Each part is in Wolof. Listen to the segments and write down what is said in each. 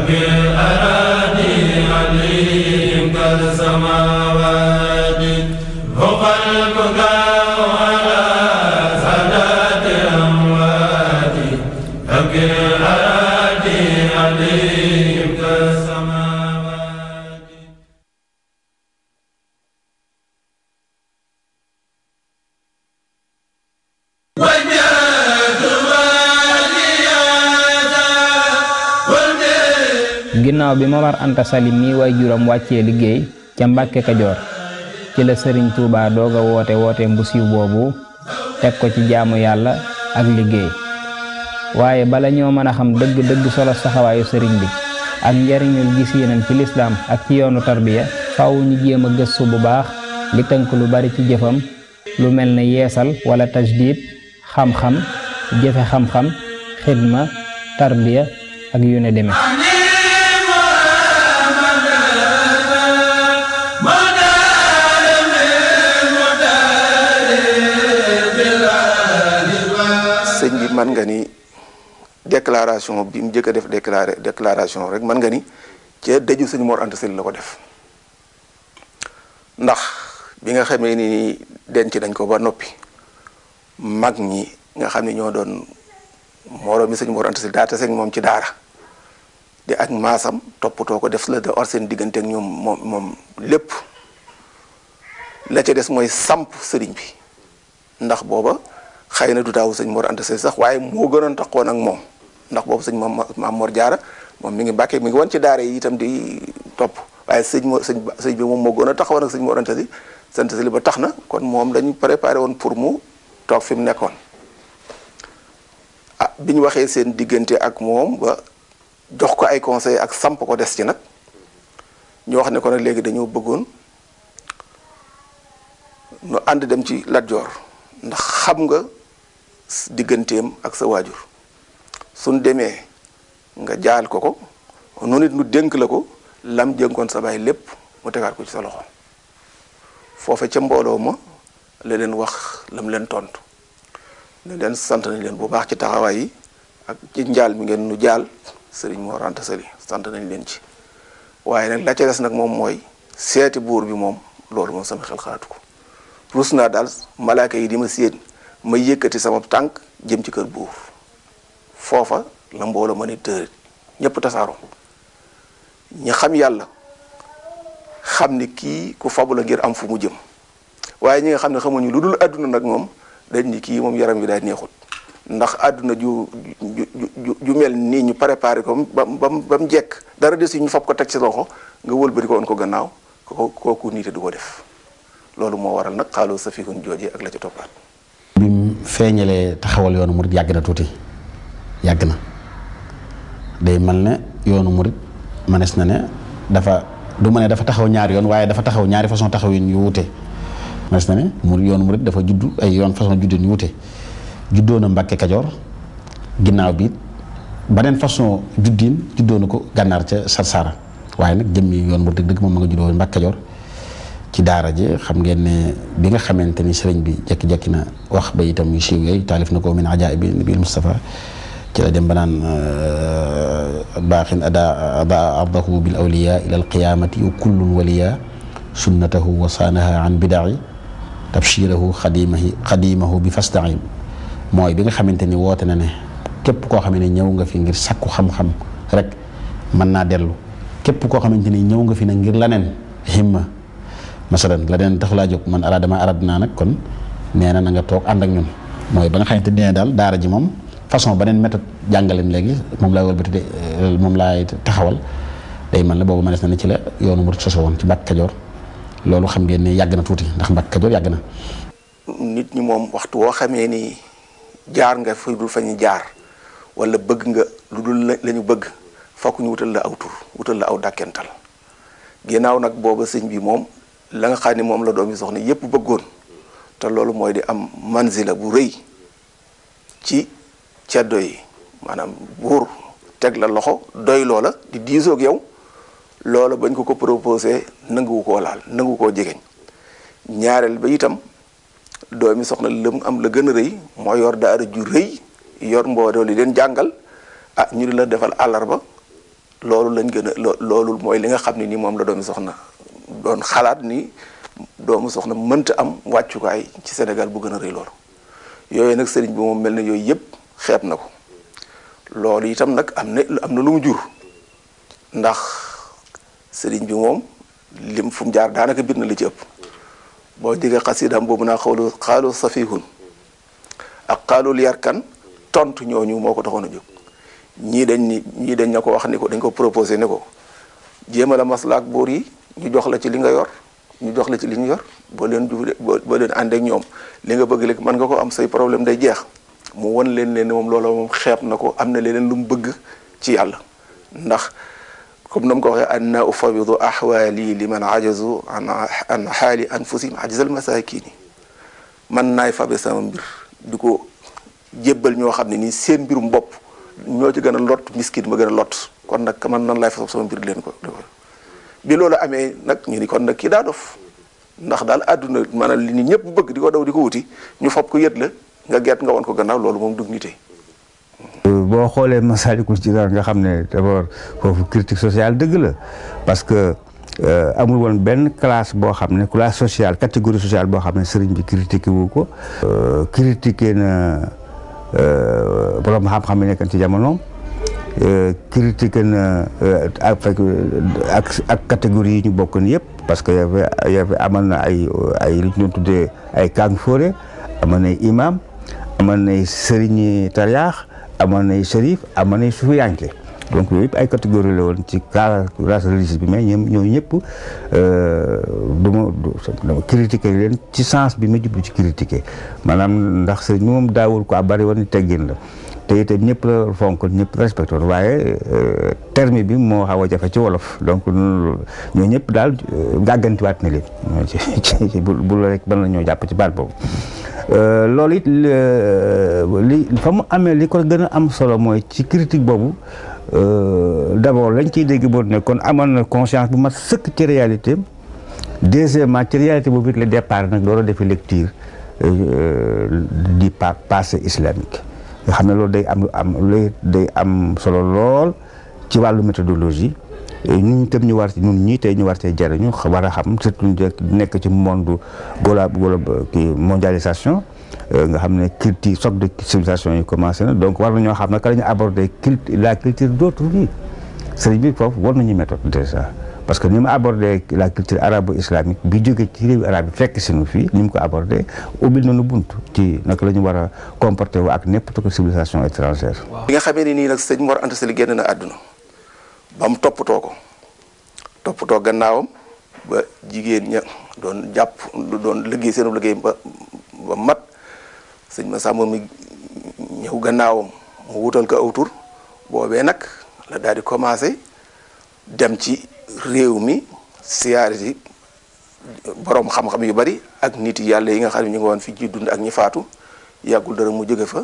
أراني علي ginnaaw bi Momar Anta Sali mii way juróom wàcce liggéey ca Mbàkke Kajoor ci la Sëriñ Tuubaa doog a woote wooteem bu boobu teg ko ci jaamu yàlla ak liggéey waaye bala ñoo mën a xam dëgg dëgg solo saxawaayu sëriñ bi ak njariñul gisiinam ci lislaam ak ci yoonu tarbiya faaw ñu jéem a gëstu bu baax li tënk lu bari ci jëfam lu mel ne yeesal walla tajdid xam-xam jëfe xam-xam xidma tarbiya ak yu ne demee man nga ni déclaration bi mu njëkk a def déclaré déclaration rek man nga ni cee daju sëñ Mor Anta Sali la ko def ndax bi nga xamee ni denc dañ ko ba noppi mag ñi nga xam ne ñoo doon moroom mi sëñ Mor Anta Sali daa tase moom ci daara di ak maasam toppatoo ko def la de or seen diggante ak moom lépp la ca des mooy samp sëriñ bi ndax booba xëy na du taawu sëñ Mor Anta Sali sax waaye moo gënoon taxoon ak moom ndax boobu sëñ Maam Maam Mor Jaara moom mi ngi bàkkee mi ngi woon ci daara yi itam di topp waaye sëñ Mor sëñ sëñ bi moom moo gënoon taxawoon ak sëñ Mor Anta Sali sant Sali ba tax na kon moom dañu préparé woon pour mu toog fi mu nekkoon ah bi ñu waxee seen diggante ak moom ba jox ko ay conseil ak samp ko des ci nag ñu wax ne ko nag léegi dañoo bëggoon nu ànd dem ci Lat Joor ndax xam nga digganteem ak sa waajur suñ demee nga jaal ko ko noonu it nu dénk la ko lam jënkoon sa baay lépp mu tegaat ko ci sa loxo foofa ca mbooloo ma la leen wax lam leen tontu ne leen sant nañ leen bu baax ci taxawaay yi ak ci njaal mi ngeen nu jaal sëriñ Mor Anta Sali sant nañ leen ci waaye nag la ca des nag moom mooy seeti buur bi moom loolu moom sama xel xalaatu ko rus naa daal malaaka yi di ma séen ma yëkkati sama tànk jëm ci kër buur foofa la mbooloo ma ne tërit ñëpp tasaaroo ñi xam yàlla xam ni kii ku fabu la ngir am fu mu jëm waaye ñi nga xam ne xamuñu lu dul àdduna nag moom dañ ni kii moom yaram wi daay neexut ndax àdduna ju ju ju mel nii ñu préparé ko ba ba ba mu jekk dara des yi ñu fab ko teg ci loxo nga wëlbati ko woon ko gannaaw ko kooku niite du ko def loolu moo waral nag xaaloo sa fikun joojee ak la ca toppaat feeñalee taxawal yoonu murit yàgg na tuuti yàgg na day mel ne yoonu murit manes na ne dafa du ma ne dafa taxaw ñaari yoon waaye dafa taxaw ñaari façon taxaw yoon yu wute manes na ne mu dafa judd ay yoon façon juddin yu wute juddoo na Mbàkke Kajoor ginnaaw bi beneen façon juddin juddoo na ko gànnaar ca Sarsara waaye nag jëmmi yoon murit dëgg-dëgg moom ma nga juddoo Mbàkke Kajoor ci daara ji xam ngeen ne bi nga xamante ni sëriñ bi jekki-jekki na wax ba itam yu siiw yooyu taalif na ko min ajaa bi nabil Mustafa ci la ba naan baaxin ada ada ardahu bil awliya ila al qiyamati wa kullun waliya sunnatahu wa saanaha an bidaai tabshirahu bi fastaim mooy bi xamante ni woote na ne képp koo xam ne ñëw nga fi ngir sakku xam-xam rek mën naa dellu képp koo xamante ni ñëw nga fi nag ngir laneen himma masalan la deen taxulaa jóg man araada ma araad naa nag kon nee na na toog ànd ak ñun mooy ba nga xamante ne daal daara ji moom façon beneen méthode jàngaleen léegi moom laa wëlbati de euh, moom laay taxawal day man la boobu mënees na ne ci la yoonu murid soso woon ci Mbàkke Kajoor loolu xam ngeen ne yàgg na tuuti ndax Mbàkke Kajoor yàgg na nit ñi moom waxtu woo xamee ni jaar nga fa dul fa ñu jaar wala bëgg nga lu dul la bëgg fokk wutal la aw tur wutal la aw dàkkental ginnaaw nag booba sëñ bi moom la nga xam ne moom la doom yi soxna yépp bëggoon te loolu mooy di am manzila bu rëy ci ceddo yi maanaam buur teg la loxo doy loola di diisoog yow loola bañ ko ko proposé nanguwu ko laal nangu koo jegeñ ñaareel ba itam doomi soxna lëm am la gën a rëy moo yor daara ju rëy yor mbooloo li leen jàngal ah ñu di la defal àllarba loolu lañ gën a loolu mooy li nga xam ne nii moom la doomi soxna doon xalaat ni doomu soxna mënta am wàccukaay ci Sénégal bu gën a rëy loolu yooyu nag sëriñ bi moom mel na yooyu yëpp xeeb na ko loolu itam nag am na am na lu mu jur ndax sëriñ bi moom lim fu mu jaar daanaka biir na li ci ëpp boo déggee xasidaam boobu naa xawlu xaalu safihun ak xaalul kan tontu ñooñu moo ko taxoon a jóg ñii dañ ni ñii dañ na ko wax ni ko dañ ko proposé ne ko jéem a la maslaak boor yi ñu jox la ci li nga yor ñu jox la ci li ñu yor boo leen juble boo leen ànd ak ñoom li nga bëgg léegi mën nga ko am say problème day jeex mu won leen ne moom loola moom xeeb na ko am na leneen lu mu bëgg ci yàlla ndax comme na ko waxee anna ufawidu ahwaali liman ajazu an an xaali anfusihim ajzal masakini man naay fabe sama mbir di ko jébbal ñoo xam ne nii seen mbirum mbopp ñoo ci gën a lot miskin ma gën a lot kon nag man nan laay fab sama mbir leen ko bi loolu amee nag ñu ni kon nag kii daa dof ndax daal àdduna maanaam li nit ñëpp bëgg di ko daw di ko wuti ñu fob ko yët la nga gert nga woon ko gannaaw loolu moom dug nite boo xoolee Masaalikul yi nga xam ne d'abord foofu critique sociale dëgg la parce que euh, amul woon benn classe boo xam ne classe sociale catégorie sociale boo xam ne sëriñ bi critiqué wu ko euh, critiqué na euh, borom xam-xam yi nekkan ci jamonoom critiqué na euh, avec ak ak catégorie yi ñu bokkoon yëpp parce que y avait amal na ay ay li ñu tuddee ay kàng foore amal na imam amal na sëriñ tariyaax amal na sërif amal na sufiyanke donc yooyu yëpp ay catégorie la woon ci cas race bi mais ñoom ñooñu ñëpp euh, du ma dama critiqué leen ci sens bi ma jublu ci critiqué maanaam ndax sëriñ moom daawul ko a bari woon teggin la te itam ñëpp la ñëpp respecté woon waaye euh, terme bi moo xaw a jafe ci wolof donc ñoo ñëpp daal euh, gàggantiwaat na leen ci bu bu la rek mën la ñoo jàpp ci baat boobu euh, loolu it li fa mu amee li ko gën a am solo mooy ci critique boobu d'abord lañ ciy dégg boo ne kon amoon na conscience bu mat sëkk ci réalité deuxièmement ci réalité boobu it la départ nag loolu defi lecture du passé islamique xam ne loolu day am lu am lu day am solo lool ci wàllu méthodologie ñun itam ñu war ci ñun ñii tee ñu war cee jariñu war a xam surtout nekk ci monde gola gola kii mondialisation euh, nga xam ne culture soc de civilisation yi commencé na donc war na ñoo xam naka la ñu aborder culture la culture d'autrui sëriñ bi foofu war nañu méthode déjà parce que ni mu abordé la culture arabo bi jóge ci réew fekk sinu fii ni mu ko abordé ubbil nañu bunt ci naka la ñu war a comporté wu ak n'importe quelle civilisation étrangère. bi nga xamee ni nii nag sëñ Mor Anta Sali génn na mu toppatoo ko toppatoo gannaawam ba jigéen ña doon jàpp doon liggéey seenu mat sëñ ma sàmm ñëw gannaawam mu wutal ko aw tur boobee nag la daal di commencé dem ci. réew mi siyaare si boroom xam-xam yu bari ak nit yàlla yi nga xam ne ñu ngi woon fi ji dund ak ñi faatu yàggul dara mu jóge fa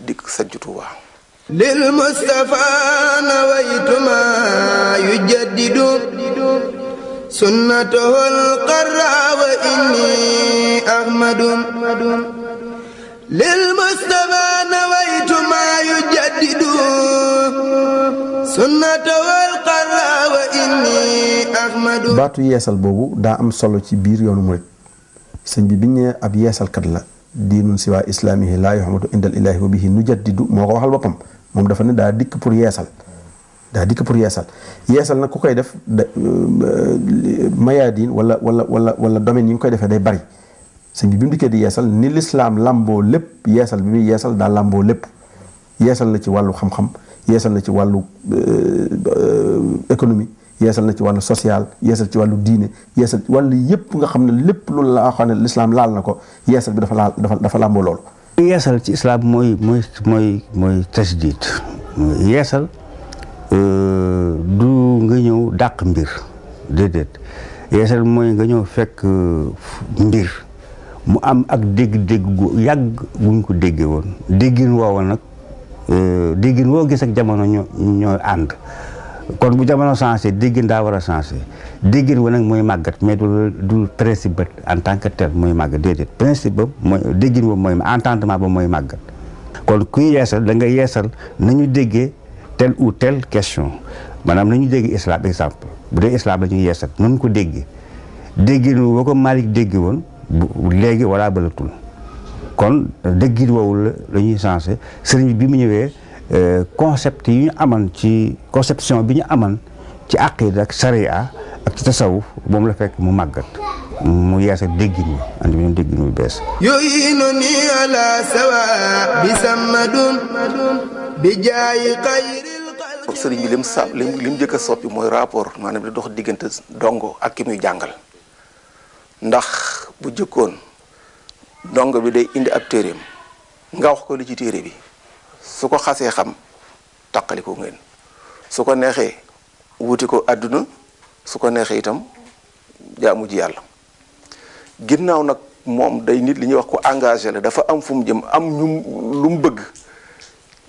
dikk sanc lil Mustafa nawaytuma yujaddidu sunnatahul qarra wa inni ahmadu lil Mustafa baatu yeesal boobu daa am solo ci biir yoonu murit sëñ bi biñ ne ab yeesalkat la diinun siwaa islaamihi laa yoxmatu indal ilaahi wa bihi nujaddidu moo ko waxal boppam moom dafa ne daa dikk pour yeesal daa dikk pour yeesal yeesal nag ku koy def da euh, mayaadin wala wala wala wala domaine yi nga koy defee day bari sëñ bi bi mu dikkee di yeesal ni lislaam làmboo lépp yeesal bi muy yeesal daa làmboo lépp yeesal na ci wàllu xam yeesal na ci wàllu euh, économie yeesal na ci wàllu social yeesal ci wàllu diine yeesal ci wàllu yépp nga xam ne lépp loolu la xam ne lislaam laal na ko yeesal bi dafa laal dafa dafa làmboo loolu yeesal ci islaam mooy mooy mooy mooy tasdiid yeesal euh, du nga ñëw dàq mbir déedéet yeesal mooy nga ñëw fekk euh, mbir mu am ak dégg-dégg gu yàgg guñ ko déggee woon déggin woowa nag Euh, déggin woo gis ak jamono ñoo ñooy ànd kon bu jamono changé déggin daa war a changé déggin wa nag mooy màggat mais du du principe ba en tant que tel mooy màggat déedéet principe ba mooy déggin wa mooy entendement mooy màggat kon kuy yeesal danga nga na ñu dégge tel ou telle question maanaam nañu dégg islam exemple bu dee islam la ñuy yeesal nañu ko déggee déggin wa ko Malik dégg woon bu léegi wala bëlatul kon dëggit woowul la ñuy changé sëriñ bi mu ñëwee euh, concept yi ñu aman ci conception bi ñu aman ci aqida ak saria ak ci tasawuf moom la fekk mu màggat mu yeesa déggin ñi andi bi ñoom déggin mu bees yuinu ni ala sawa bi samadun bi jaayi xayril sëriñ bi lim sa lim lim njëkk a soppi mooy rapport maanaam di dox diggante dongo ak ki muy jàngal ndax bu jëkkoon dongo bi day indi ab téeréem nga wax ko li ci téere bi su ko xasee xam taqali ko ngeen su ko neexee wuti ko àdduna su ko neexee itam jaamu ji yàlla ginnaaw nag moom day nit li ñuy wax ko engagé la dafa am fu mu jëm am ñu lu mu bëgg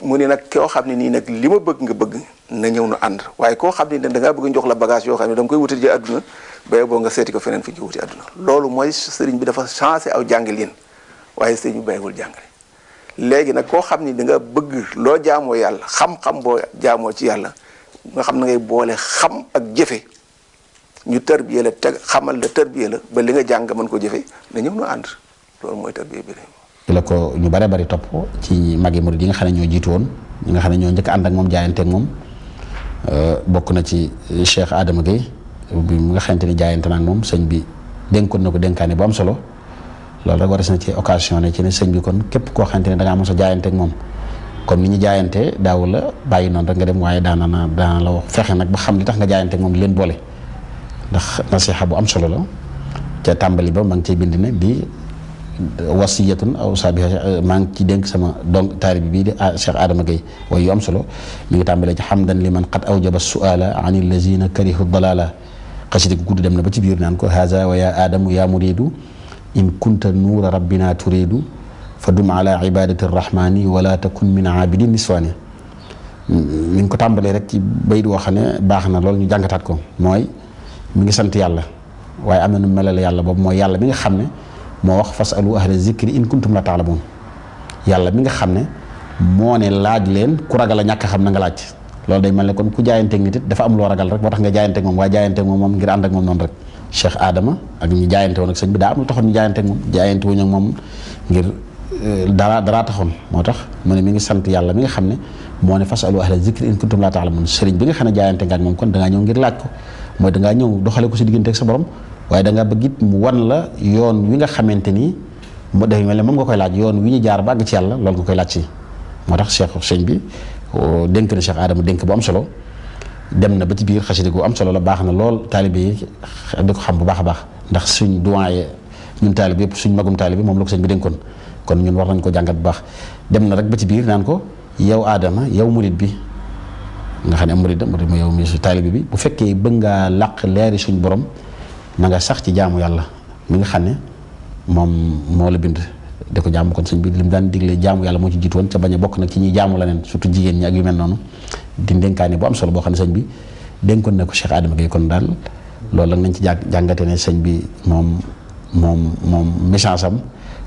mu ne nag koo xam ne nii nag li ma bëgg nga bëgg na ñëw nu ànd waaye koo xam ne da ngaa bëgg njox la bagage yoo xam ne da koy wuti ji àdduna ba boo nga seeti ko feneen fi ci wuti àdduna loolu mooy sëriñ bi dafa changé aw jàngalin waaye sëriñ bi bàyyiwul jàngale léegi nag koo xam ni da nga bëgg loo jaamoo yàlla xam-xam boo jaamoo ci yàlla nga xam na ngay boole xam ak jëfe ñu tarbiyee la teg xamal la tarbiyee la ba li nga jàng mën ko jëfe na ñëw nu ànd loolu mooy tarbiyee bi ci la ko ñu bare bari topp ci magi murid yi nga xam ne ñoo jiitu woon ñi nga xam ne ñoo njëkk ànd moom jaayante ak moom euh, bokk na ci Cheikh Adama bi nga xamante ni jaayante naa moom sëñ bi dénkoon na ko dénkaane bu am solo loolu rek waras na ci occasion ne ci ne sëñ bi kon képp koo xamante ne da ngaa a jaayante moom comme ni ñu jaayante daaw la bàyyi noonu rek dem waaye daana na daana la wax fexe nag ba xam li tax nga jaayante ak moom leen boole ndax nasiha bu am solo la ca tàmbali ba ma ngi cay bind ne bi wasiyatun aw sabi maa ngi ci dénk sama donc taalibi bii di ah, Cheikh Adama Gueye waaye yu am solo mi ngi tàmbalee ci xamdan li man qad awjaba suala an illazina karihu dalala xasida ko gudd dem na ba ci biir naan ko haza wa ya aadamu ya muridu in kunta nuura rabbina turidu fa dum ala ibadati arrahmani wala takun min abidin niswani ni nga ko tàmbalee rek ci bayit woo xam ne baax na lool ñu jàngataat ko mooy mu ngi sant yàlla waaye am na nu melal yàlla boobu mooy yàlla mi nga xam ne moo wax fasalu ahla zikri in kuntum la taalamun yàlla mi nga xam ne moo ne laaj leen ku ragal a ñàkk xam na nga laaj loolu day mel ne kon ku jaayanteeg nit it dafa am loo ragal rek moo tax nga jaayanteeg moom waaye jaayanteeg moom moom ngir ànd ak moom noonu rek Cheikh Adama ak ñu jaayante woon ak sëñ eh, dara taxoon moo tax mu ne mi ngi sant yàlla mi nga xam ne moo ne fasalu ahla zikri in kuntum laa taalamuun sëriñ bi nga xam ne jaayante nga ak moom kon dangaa ñëw ngir laaj ko mooy dangaa ñëw doxale ko si diggante ak sa borom waaye dangaa bëgg it mu wan la yoon wi nga xamante nii mu def mel ne moom nga koy laaj yoon wi ñu jaar ba àgg ci yàlla lool nga koy laaj si moo tax cheikh sëñ bi dénk na Cheikh Adama dénk bu am solo dem na ba ci biir xasida ko am solo la baax na lool taalibe yi di ko xam bu baax a baax ndax suñ doyen ñun taalibe yëpp suñ magum taalibe moom la ko sëñ bi dénkoon kon ñun war nañ ko jàngat bu baax dem na rek ba ci biir naan ko yow Adama yow murit bi nga xam ne am murit murit mu yow mi su taalibe bi bu fekkee bëgg ngaa làq leeri suñ borom na nga sax ci jaamu yàlla mu nga xam ne moom moo la bind da ko jaamu kon sëñ bi lim daan digle jaamu yàlla moo ci jiitu woon ca bañ a bokk nag ci ñuy jaamu leneen surtout jigéen ñi ak yu mel noonu di dénkaane bu am solo boo xam ne sëñ bi dénkoon na ko Cheikh Adama Gueye kon daal loolu nag nañ ci jàngate ne sëñ bi moom moom moom message am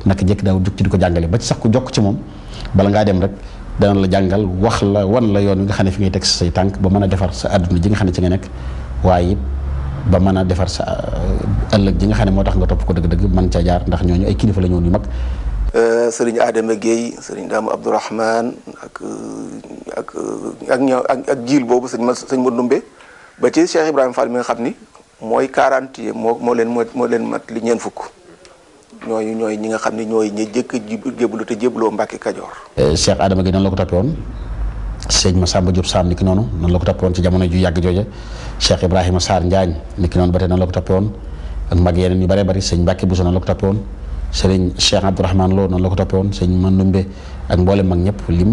naka jëkk daaw jug di ko jàngale ba sax ku jokk ci moom bala ngaa dem rek dana la jàngal wax la wan la yoon wi nga xam ne fi ngay teg say tànk ba mën a defar sa àdduna ji nga xam ne ci nga nekk waaye it ba mën a defar sa ëllëg ji nga xam ne moo tax nga topp ko dëgg-dëgg mën ca jaar ndax ñooñu ay kilifa la ñoon yu mag Euh, sëriñ Adama Guèye sëriñ Daamu Abdourahman ak ak ak ñoo ak ak jiil boobu sëñ ma sëñ Mandumbe ba ci Cheikh Ibrahima Fall mi nga xam ni mooy quarante yi moo moo leen moo leen mat li ñeen fukk ñooyu ñooy ñi nga xam ne ñooy ñi jëkk jébbalu te jébbaloo Mbàkke Kajoor euh, Cheikh Adama Guèye noonu la ko tapé woon sëñ Massamba Diop Sam ni ki noonu noonu la ko tapé ci jamono ju yàgg jooja Cheikh Ibrahima Sarr Njaañ ni ki noonu ba tey na la ko tapé woon ak mag yeneen yu bare bari sëñ mbakki Bousso noonu la ko tapé woon sëriñ Cheikh Abdourahmane Lo noonu la ko toppee woon sëriñ Mandumbe ak mboolem mag ñëpp lim